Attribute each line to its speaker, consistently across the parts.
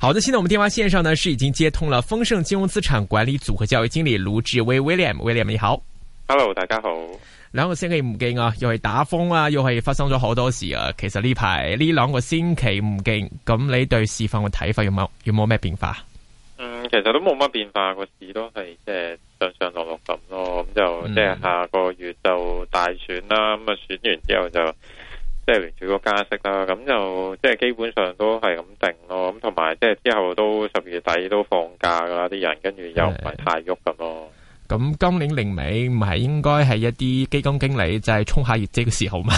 Speaker 1: 好的，現在我們電話線上呢是已經接通了豐盛金融資產管理組合交易經理盧志威 William，William William，你好，Hello，大家好。兩個星期唔勁啊，又係打風啊，又係發生咗好多事啊。其實呢排呢兩個星期唔勁，咁你對市況嘅睇法有冇有冇咩變化？
Speaker 2: 嗯，其實都冇乜變化，個市都係即係上上落落咁咯。咁就即係下個月就大選啦，咁啊選完之後就。即係連住個加息啦，咁就即係基本上都係咁定咯。咁同埋即係之後都十二月底都放假噶啦，啲人跟住又唔係太喐噶咯。
Speaker 1: 咁今年年尾唔係應該係一啲基金經理就係衝下業績嘅時候嘛？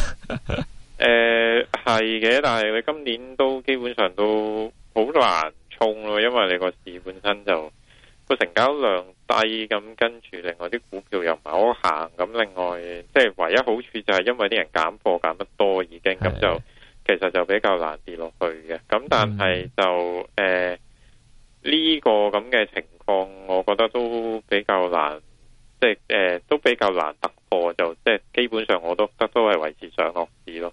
Speaker 2: 誒，係嘅，但係佢今年都基本上都好難衝咯，因為你個市本身就個成交量，低咁，跟住，另外啲股票又唔係好行，咁另外即係唯一好處就係因為啲人減貨減得多已經咁的就，其實就比較難跌落去嘅。咁但係就誒呢、嗯呃這個咁嘅情況，我覺得都比較難，即係誒、呃、都比較難突破，就即係基本上我都得都係維持上落市
Speaker 1: 咯。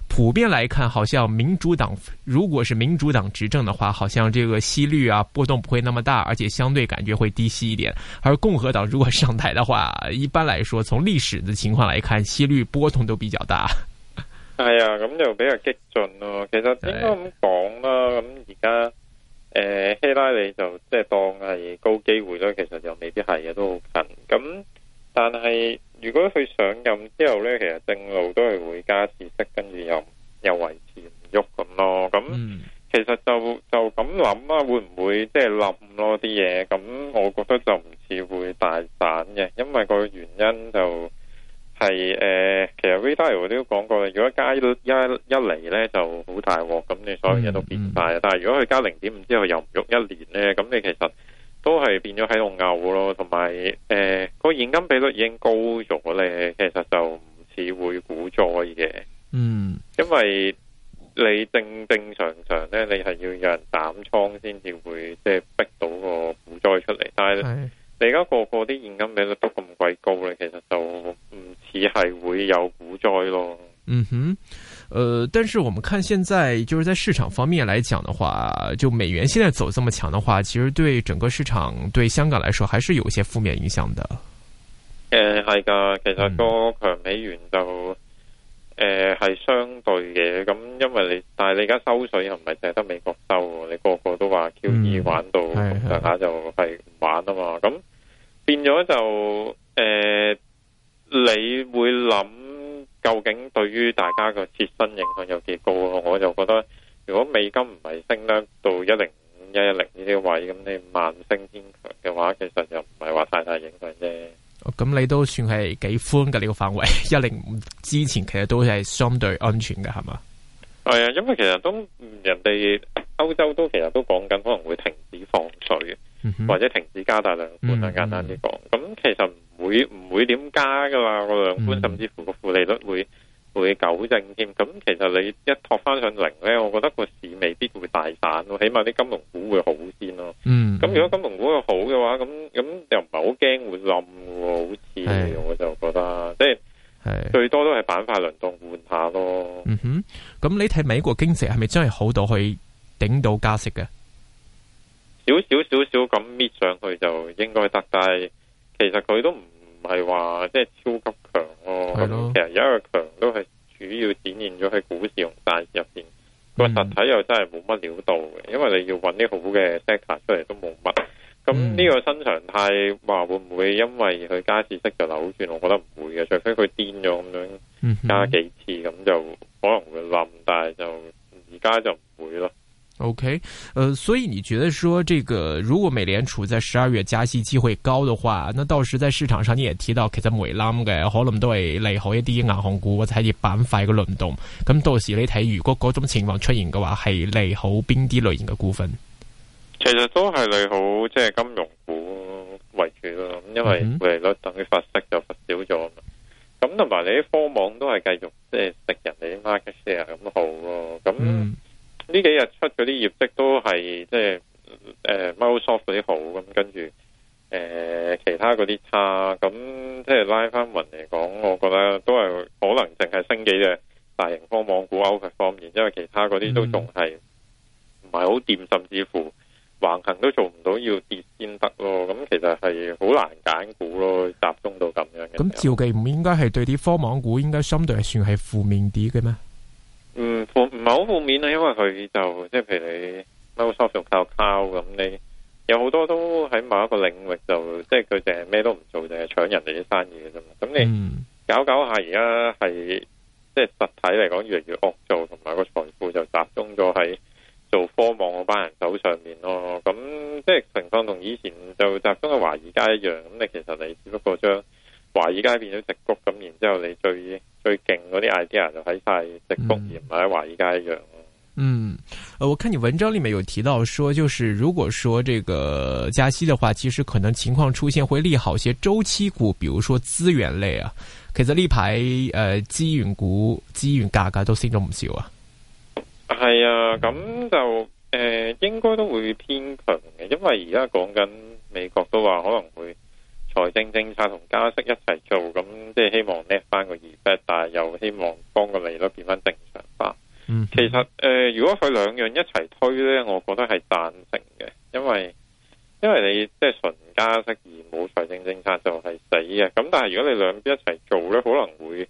Speaker 1: 普遍來看，好像民主黨，如果是民主黨執政的話，好像這個息率啊，波動不會那麼大，而且相對感覺會低息一點。而共和黨如果上台的話，一般來說從歷史的情況來看，息率波動都比較大。
Speaker 2: 係啊、哎，咁就比較激進咯。其實應該咁講啦，咁而家誒，希拉里就即係當係高機會啦，其實就未必係啊，都好近。咁但係。如果佢上任之後呢，其實正路都係會加資息，跟住又又維持唔喐咁咯。咁、嗯、其實就就咁諗啦，會唔會即係冧咯啲嘢？咁我覺得就唔似會大賺嘅，因為個原因就係、是、誒、呃，其實 Ray Dalio 都講過，如果加一一嚟呢就好大鑊，咁你所有嘢都變大，嗯嗯、但係如果佢加零點五之後又唔喐一年呢，咁你其實都係變咗喺度嘔咯，同埋誒個現金比率已經高咗咧，其實就唔似會股災嘅。嗯，因為你正正常常咧，你係要有人減倉先至會即係逼到個股災出嚟。但係是你而家個個啲現金比率都咁鬼高咧，其實就唔似係會有股災咯。嗯哼。
Speaker 1: 呃，但是我們看現在就是在市場方面來講的話，就美元現在走這麼強的話，其實對整個市場對香港來說還是有些負面影響的。
Speaker 2: 誒係噶，其實個強美元就誒係、嗯呃、相對嘅，咁因為你但係你而家收水又唔係淨係得美國收，你個個都話 QE 玩到、嗯、大家就係唔玩啊嘛，咁、嗯、的變咗就誒、呃、你會諗。究竟對於大家個切身影響有幾高啊？我就覺得如果美金唔係升咧，到一零五一一零呢啲位，咁你慢升堅強嘅話，其實又唔係話太大影響啫。
Speaker 1: 咁你都算係幾寬嘅呢個範圍，一零五之前其實都係相對安全嘅，係嘛？
Speaker 2: 係啊，因為其實都人哋歐洲都其實都講緊可能會停止放水。或者停止加大量寬，半、嗯，簡單啲講，咁、嗯、其實唔會唔會點加噶嘛？個量寬甚至乎個負利率會、嗯、會糾正添。咁其實你一托翻上零咧，我覺得個市未必會大散，起碼啲金融股會先好先咯。嗯，咁如果金融股又好嘅話，咁咁又唔係好驚會冧嘅，好似、嗯、我就覺得，即係最多都係板塊輪動換下咯。
Speaker 1: 哼、嗯，咁你睇美國經濟係咪真係好可以頂到去頂到加息嘅？
Speaker 2: 少少少少咁搣上去就應該得，但係其實佢都唔係話即係超級強咯。係、哦、的其實而家嘅強都係主要展現咗喺股市同大市入邊，個實體又真係冇乜料到嘅，因為你要揾啲好嘅 sector 出嚟，都冇乜。咁呢個新常態話會唔會因為佢加次息就扭轉？我覺得唔會嘅，除非佢癲咗咁樣加幾次咁就可能會冧，但係就而家就唔會咯。
Speaker 1: OK，呃，所以你覺得說，這個如果美聯儲在十二月加息機會高的話，那到時在市場上，你也提到，其實嘅，可能都係利好一啲銀行股或者係啲板塊嘅輪動。咁到時你睇，如果嗰種情況出現嘅話，係利好邊啲類型嘅股份？
Speaker 2: 其實都係利好，即係金融股為主咯，因為利率等於發息就發少咗。咁同埋你啲科網都係繼續即係食人哋啲 market share 咁好咯，咁。嗯呢幾日出嗰啲業績都係即係誒，Microsoft 啲好咁，跟住誒、呃、其他嗰啲差，咁即係拉翻雲嚟講，我覺得都係可能淨係升幾隻大型科網股 offset 方面，因為其他嗰啲都仲係唔係好掂，甚至乎橫行都做唔到，要跌先得咯。咁、嗯嗯、其實係好難揀股咯，集中到咁樣嘅、嗯。咁照計唔
Speaker 1: 應該係對啲科網股應該相對係算係負面啲嘅咩？
Speaker 2: 唔負唔係好負面啦，因為佢就即係譬如你買個 software 靠靠咁，你有好多都喺某一個領域就即係佢淨係咩都唔做，淨係搶人哋啲生意嘅啫嘛。咁你搞一搞一下，而家係即係實體嚟講，越嚟越惡做，同埋個財富就集中咗喺做科網嗰班人手上面咯。咁即係情況同以前就集中喺華爾街一樣。咁你其實你只不過將。華爾街變咗直谷，咁然之後你最最勁嗰啲 idea 就喺晒直谷，而唔係喺華爾街一樣。
Speaker 1: 嗯，誒、嗯，我看你文章裏面有提到說，就是如果說這個加息嘅話，其實可能情況出現會利好些周期股，比如說資源類啊。其實呢排誒資源股資源價格都升咗唔少
Speaker 2: 啊。係啊，咁、嗯、就誒、呃、應該都會偏強嘅，因為而家講緊美國都話可能會。財政政策同加息一齊做，咁即係希望叻翻個二倍，但係又希望幫個利率變翻正常化。嗯、哼其實誒、呃，如果佢兩樣一齊推咧，我覺得係贊成嘅，因為因為你即係純加息而冇財政政策就係死嘅。咁但係如果你兩邊一齊做咧，可能會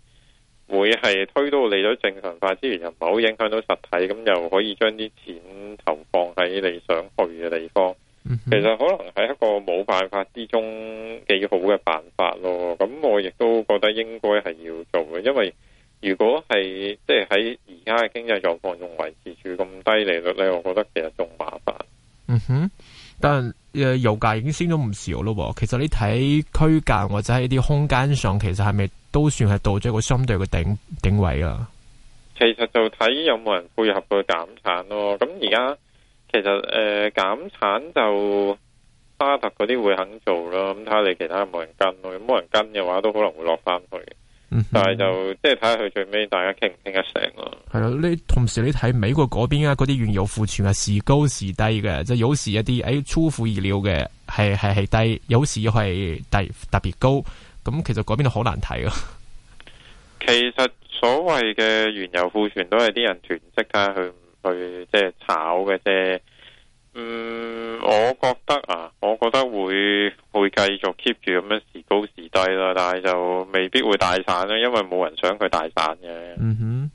Speaker 2: 會係推到利率正常化之餘，又唔係好影響到實體，咁又可以將啲錢投放喺你想去嘅地方。嗯、哼其實可能係一個冇辦法之中好嘅辦法咯，咁我亦都覺得應該係要做嘅，因為如果係即係喺而家嘅經濟狀況仲維持住咁低利率咧，我覺得其實仲麻
Speaker 1: 煩。嗯哼，但誒油價已經升咗唔少咯。其實你睇區間或者喺啲空間上，其實係咪都算係到咗一個相對嘅頂頂位啊、嗯？其實，
Speaker 2: 其實，是是其實就睇有冇人配合個減產咯。咁而家其實誒減產就。沙特嗰啲會肯做咯，咁睇下你其他有冇人跟咯，冇人跟嘅話都可能會落翻去，嗯、哼但係就即係睇下佢最尾大家傾唔傾得成咯。
Speaker 1: 係咯，你同時你睇美國嗰邊啊，嗰啲原油庫存係時高時低嘅，即係有時一啲誒出乎意料嘅係係係低，有時又係特特別高，咁其實嗰邊就好難睇咯。
Speaker 2: 其實所謂嘅原油庫存都係啲人囤積啊，佢唔去即係炒嘅啫。嗯，我覺得啊，我覺得會會繼續 keep 住咁樣時高時低啦，但係就未必會大散啦，因為冇人想佢大散嘅。嗯哼，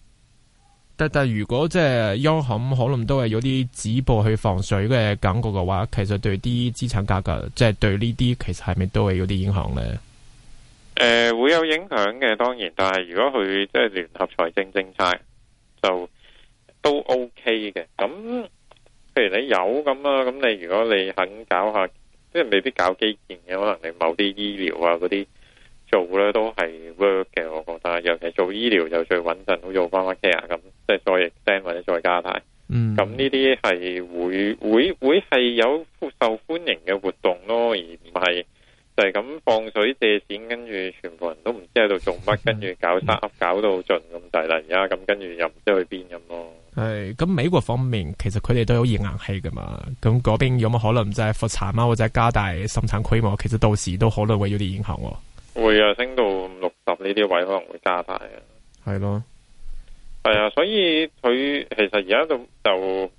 Speaker 1: 但但如果即係央行可能都係有啲止步去防水嘅感覺嘅話，其實對啲資產價格，即係對呢啲其實係咪都係有啲影響呢？
Speaker 2: 誒、呃，會有影響嘅，當然。但係如果佢即係聯合財政政策，就都 OK 嘅咁。譬如你有咁啊，咁你如果你肯搞下，即係未必搞基建嘅，可能你某啲醫療啊嗰啲做咧都係 work 嘅。我覺得，尤其做醫療就最穩陣，好似翻翻 K 啊咁，即係再 extend 或者再加大。嗯，咁呢啲係會會會係有受歡迎嘅活動咯，而唔係就係咁放水借錢，跟住全部人都唔知喺度做乜，跟住搞沙搞到盡咁滯啦。而家咁跟住又唔知去邊咁咯。
Speaker 1: 誒，咁美國方面其實佢哋都有熱能器噶嘛，咁嗰邊有冇可能即係復產啊，或者加大生產規模？其實到時都可能會有啲影響喎。
Speaker 2: 會啊，升到六十呢啲位可能會加大啊。係咯，係啊，所以佢其實而家就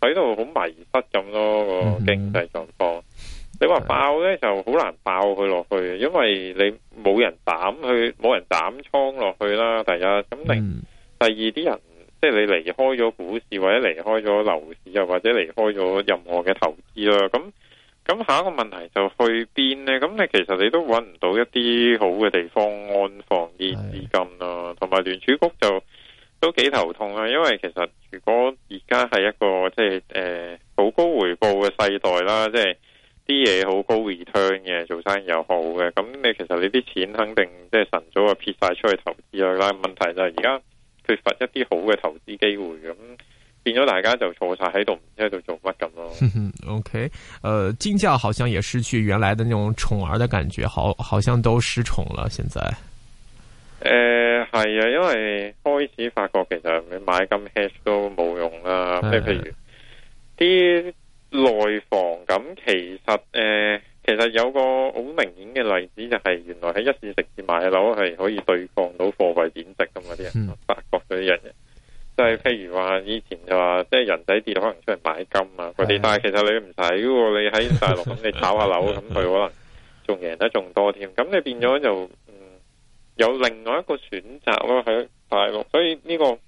Speaker 2: 喺度好迷失咁咯，個經濟狀況。嗯，哼你話爆咧，啊，就好難爆佢落去，因為你冇人斬去，冇人斬倉落去啦。第一，咁另第二啲人。嗯即係你離開咗股市，或者離開咗樓市，又或者離開咗任何嘅投資啦，咁咁下一個問題就去邊呢？咁你其實你都揾唔到一啲好嘅地方安放啲資金啦，同埋聯儲局就都幾頭痛啦，因為其實如果而家係一個即係誒好高回報嘅世代啦，即係啲嘢好高回報嘅，做生意又好嘅，咁你其實你啲錢肯定即係、就是、晨早就撇晒出去投資啦，的問題就係而家。缺乏一啲好嘅投資機會，咁變咗大家就坐晒喺度，唔知喺度做乜咁咯
Speaker 1: ？OK，誒、呃，金價好像也失去原來的那種寵兒的感覺，好，好像都失寵了。現在
Speaker 2: 誒係啊，因為開始發覺其實你買金 H 都冇用啦，即係譬如啲內 房咁，其實誒。呃其實有個好明顯嘅例子就係，原來喺一線城市買樓係可以對抗到貨幣貶值㗎嘛啲人，嗯、法國嗰啲人嘅，即、就、係、是、譬如話以前就話，即、就、係、是、人仔跌可能出嚟買金啊啲、嗯，但係其實你唔使噶，你喺大陸咁你,你炒下樓咁，佢 可能仲贏得仲多添，咁你變咗就、嗯，有另外一個選擇咯喺大陸，所以呢、這個。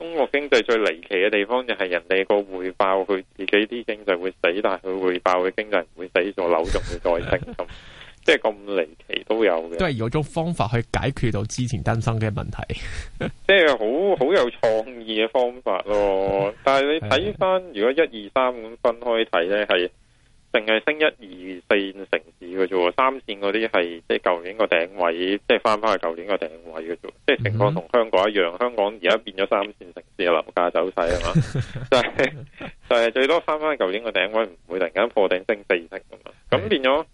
Speaker 2: 中國經濟最離奇嘅地方就係人哋個回報，佢自己啲經濟會死，但係佢回報嘅經濟唔會死，咗，扭轉，會再升咁，即係咁離奇都有嘅。都係
Speaker 1: 有種方法去解決到之前擔心嘅問題，
Speaker 2: 即係好好有創意嘅方法咯。但係你睇翻如果一二三咁分開睇咧，係。淨係升一二四線城市嘅啫，喎，三線嗰啲係即係舊年個頂位，即係翻翻去舊年個頂位嘅啫，即係情況同香港一樣。香港而家變咗三線城市嘅樓價走勢啊嘛，就係就係最多翻翻去舊年個頂位，唔會突然間破頂升四成噶嘛。咁是的 變咗，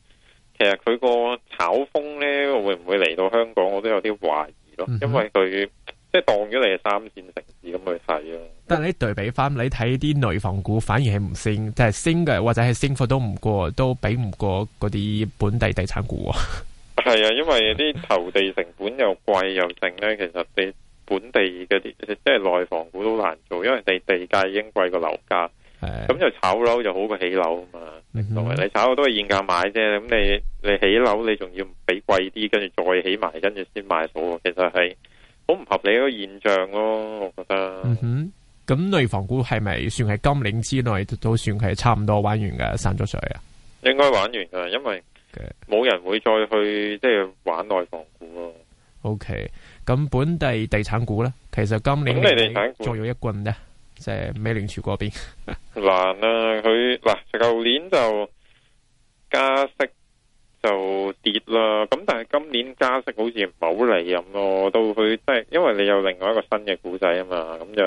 Speaker 2: 其實佢個炒風咧會唔會嚟到香港，我都有啲懷疑咯，因為佢。即係當咗你係三線城市咁去睇咯。
Speaker 1: 但係你對比翻，你睇啲內房股反而係唔升，即係升嘅，或者係升幅都唔過，都比唔過嗰啲本地地產股。
Speaker 2: 係 啊，因為啲投地成本又貴又剩，咧。其實你本地嘅啲即係內房股都難做，因為你地價已經貴過樓價。咁的就炒樓就好過起樓啊嘛。嗯、你炒樓都係現價買啫，咁你你起樓你仲要俾貴啲，跟住再起埋，跟住先賣到。其實係。好唔合理一個現象咯，我覺得。
Speaker 1: 嗯哼，咁內房股係咪算係今年之內都算係差唔多玩完嘅，散咗水啊？
Speaker 2: 應該玩完噶，因為冇人會再去即係玩內房股咯。
Speaker 1: OK，咁本地地產股咧，其實今年咁，你地產股再有一棍啫，即係美聯儲嗰邊
Speaker 2: 難啊！佢嗱舊年就加息。嗯嗯就跌啦，咁但係今年加息好似唔係好嚟，咁咯，到去即係因為你有另外一個新嘅古仔啊嘛，咁就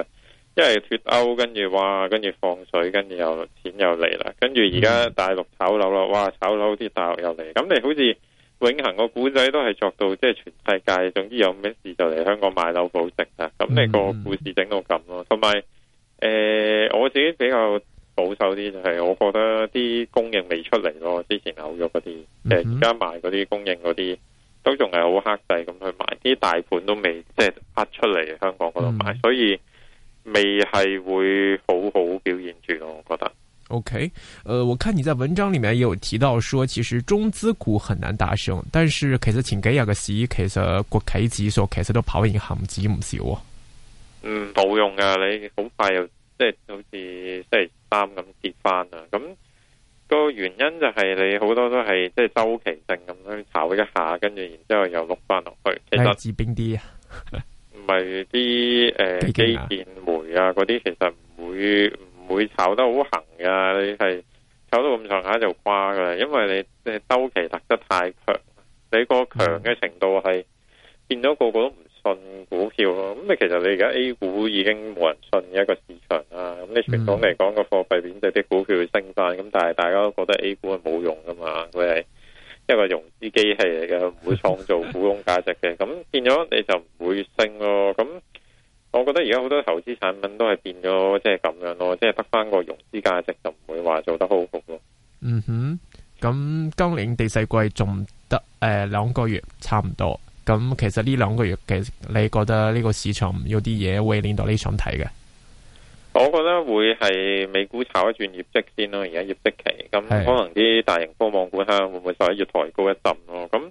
Speaker 2: 因為脫歐，跟住哇，跟住放水，跟住又錢又嚟啦，跟住而家大陸炒樓啦，哇炒樓啲大陸又嚟，咁你好似永恆個古仔都係作到即係、就是、全世界，總之有咩事就嚟香港買樓保值啊，咁你個故事整到咁咯，同埋誒我自己比較。保守啲就係，我覺得啲供應未出嚟咯，之前牛肉嗰啲，誒而家賣嗰啲供應嗰啲都仲係好克制咁去買，啲大盤都未即係出嚟，香港嗰度買，所以未係會好好表現住咯，我覺得。
Speaker 1: OK，誒、呃，我看你在文章裏面有提到說，其實中資股很難打勝，但是其實前幾日嘅市，其實國企指數其實都跑贏恒指唔少啊。嗯，
Speaker 2: 冇用噶，你好快又。即係好似星期三咁跌翻啦，咁個原因就係你好多都係即係周期性咁樣炒一下，跟住然之後又碌翻落去。其實止啲啊，唔係啲誒基建煤啊嗰啲，其實唔會唔 會炒得好行噶，你係炒到咁上下就瓜噶啦，因為你即係周期特質太強，你個強嘅程度係變咗個個都唔。信股票咯，咁你其實你而家 A 股已經冇人信嘅一個市場啦。咁你傳統嚟講，個貨幣貶值，啲股票會升翻，咁但係大家都覺得 A 股係冇用噶嘛，佢係一個融資機器嚟嘅，唔會創造股東價值嘅。咁變咗你就唔會升咯。咁我覺得而家好多投資產品都係變咗即係咁樣咯，即係得翻個融資價值就唔會話做得好好咯。嗯
Speaker 1: 哼，咁今年第四季仲得誒兩、呃、個月差唔多。咁其實呢兩個月其實，你覺得呢個市場有啲嘢會令到你想睇嘅？
Speaker 2: 我覺得會係美股炒一轉業績先咯，而家業績期咁可能啲大型科網股吓會唔會稍為抬高一陣咯？咁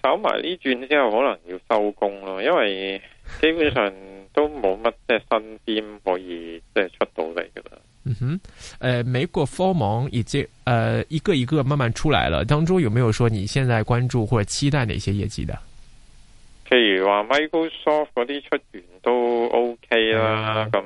Speaker 2: 炒埋呢轉之後，可能要收工咯，因為基本上都冇乜即係新鮮可以即係出到嚟噶啦。 嗯哼，
Speaker 1: 誒、呃，美國科網已經誒、呃、一個一個慢慢出嚟了，當中有冇有說你現在關注或者期待哪些業績的？
Speaker 2: 譬如話 Microsoft 嗰啲出完都 OK 啦，咁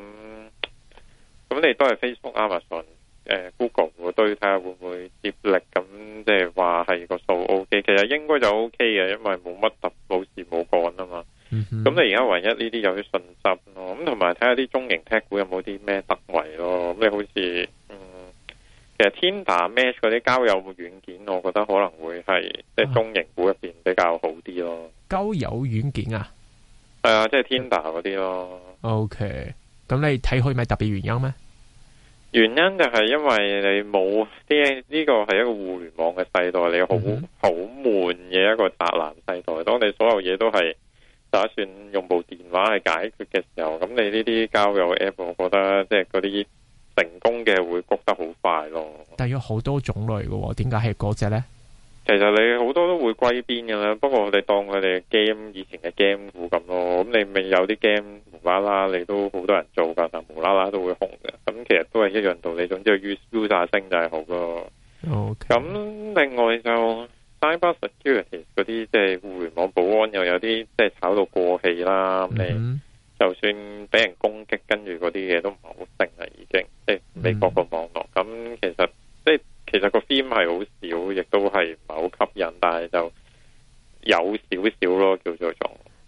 Speaker 2: 咁 Yeah. 你都係 Facebook、呃、Amazon、誒 Google 嗰堆睇下會唔會接力咁，即係話係個數 OK。其實應該就 OK 嘅，因為冇乜特冇事冇講啊嘛。咁、mm hmm. 你而家唯一呢啲有啲信心咯。咁同埋睇下啲中型 tech 股有冇啲咩特惠咯。咁你好似，嗯，其實 Tinder match 嗰啲交友軟件，我覺得可能會係即係中型股入邊比較好啲咯。
Speaker 1: 交友軟件啊，
Speaker 2: 係啊，即係 Tinder 嗰啲咯。
Speaker 1: OK，咁你睇佢咪特別原因咩？
Speaker 2: 原因就係因為你冇啲呢個係一個互聯網嘅世代，你好好悶嘅一個宅男世代。當你所有嘢都係打算用部電話去解決嘅時候，咁你呢啲交友 app，我覺得即係嗰啲成功嘅會谷得好快咯。
Speaker 1: 但有好多種類嘅，點解係嗰隻咧？
Speaker 2: 其實你好多都會歸邊嘅啦，不過我哋當佢哋嘅 game，以前嘅 game 股咁咯，咁你咪有啲 game 無啦啦，你都好多人做噶，但無啦啦都會紅嘅。咁其實都係一樣道理，總之要 s e l 就係好咯。咁另外就 Cybersecurity 嗰啲，即係互聯網保安，又有啲即係炒到過氣啦。咁你、mm hmm. 就算俾人攻擊，跟住嗰啲嘢都唔係好，成日已經即係美國個網絡。咁、mm hmm. 其實。其實個 film 係好少，亦都係唔係好吸引，但係就有少少咯，叫做仲。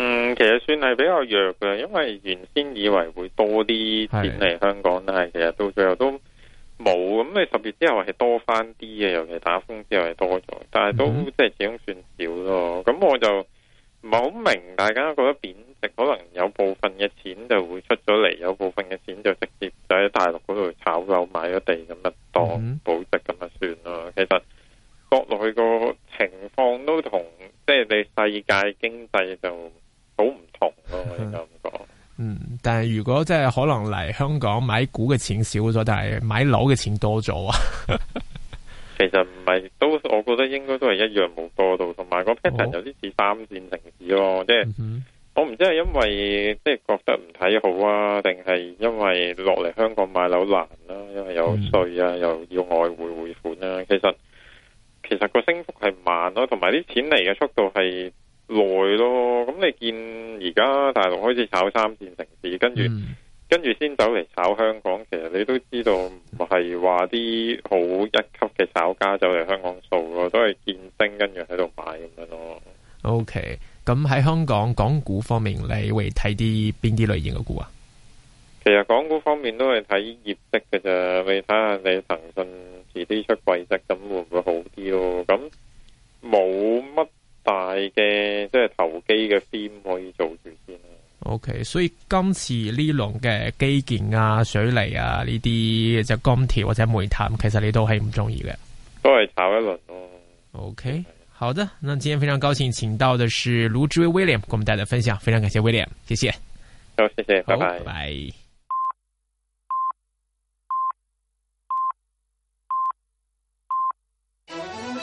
Speaker 2: 嗯，其實算係比較弱嘅，因為原先以為會多啲錢嚟香港，但係的其實到最後都冇。咁、嗯、你十月之後係多翻啲嘅，尤其打風之後係多咗，但係都即係、嗯、哼始終算少咯。咁我就唔係好明，大家覺得貶值，可能有部分嘅錢就會出咗嚟，有部分嘅錢就直接就喺大陸嗰度炒樓、買咗地咁啊，當、嗯、哼保值咁啊算咯。其實國內個情況都同即係你世界經濟就。
Speaker 1: 但係如果即係可能嚟香港買股嘅錢少咗，但係買樓嘅錢多咗啊？
Speaker 2: 其實唔係，都我覺得應該都係一樣冇多到，同埋個 pattern 有啲似三綫城市咯。即係、嗯、哼我唔知係因為即係覺得唔睇好啊，定係因為落嚟香港買樓難啦、啊，因為有稅啊，又要外匯匯款啊。其實其實個升幅係慢咯、啊，同埋啲錢嚟嘅速度係。來咯，咁你見而家大陸開始炒三線城市，跟住，跟住先走嚟炒香港。其實你都知道，唔係話啲好一級嘅炒家走嚟香港掃咯，都係見升跟住喺度買咁樣咯。
Speaker 1: OK，咁喺香港港股方面，你會睇啲邊啲類型嘅股啊？
Speaker 2: 其實港股方面都係睇業績嘅啫，看看你睇下你騰訊遲啲出季績咁。
Speaker 1: 所以今次呢輪嘅基建啊、水泥啊呢啲就鋼鐵或者煤炭，其實你都係唔中意嘅，都係炒一輪。嗯、o、okay, K，好的，那今天非常高興，請到的是盧志威 William，給我們帶來分享，非常感謝 William，謝謝。好，謝謝，拜拜。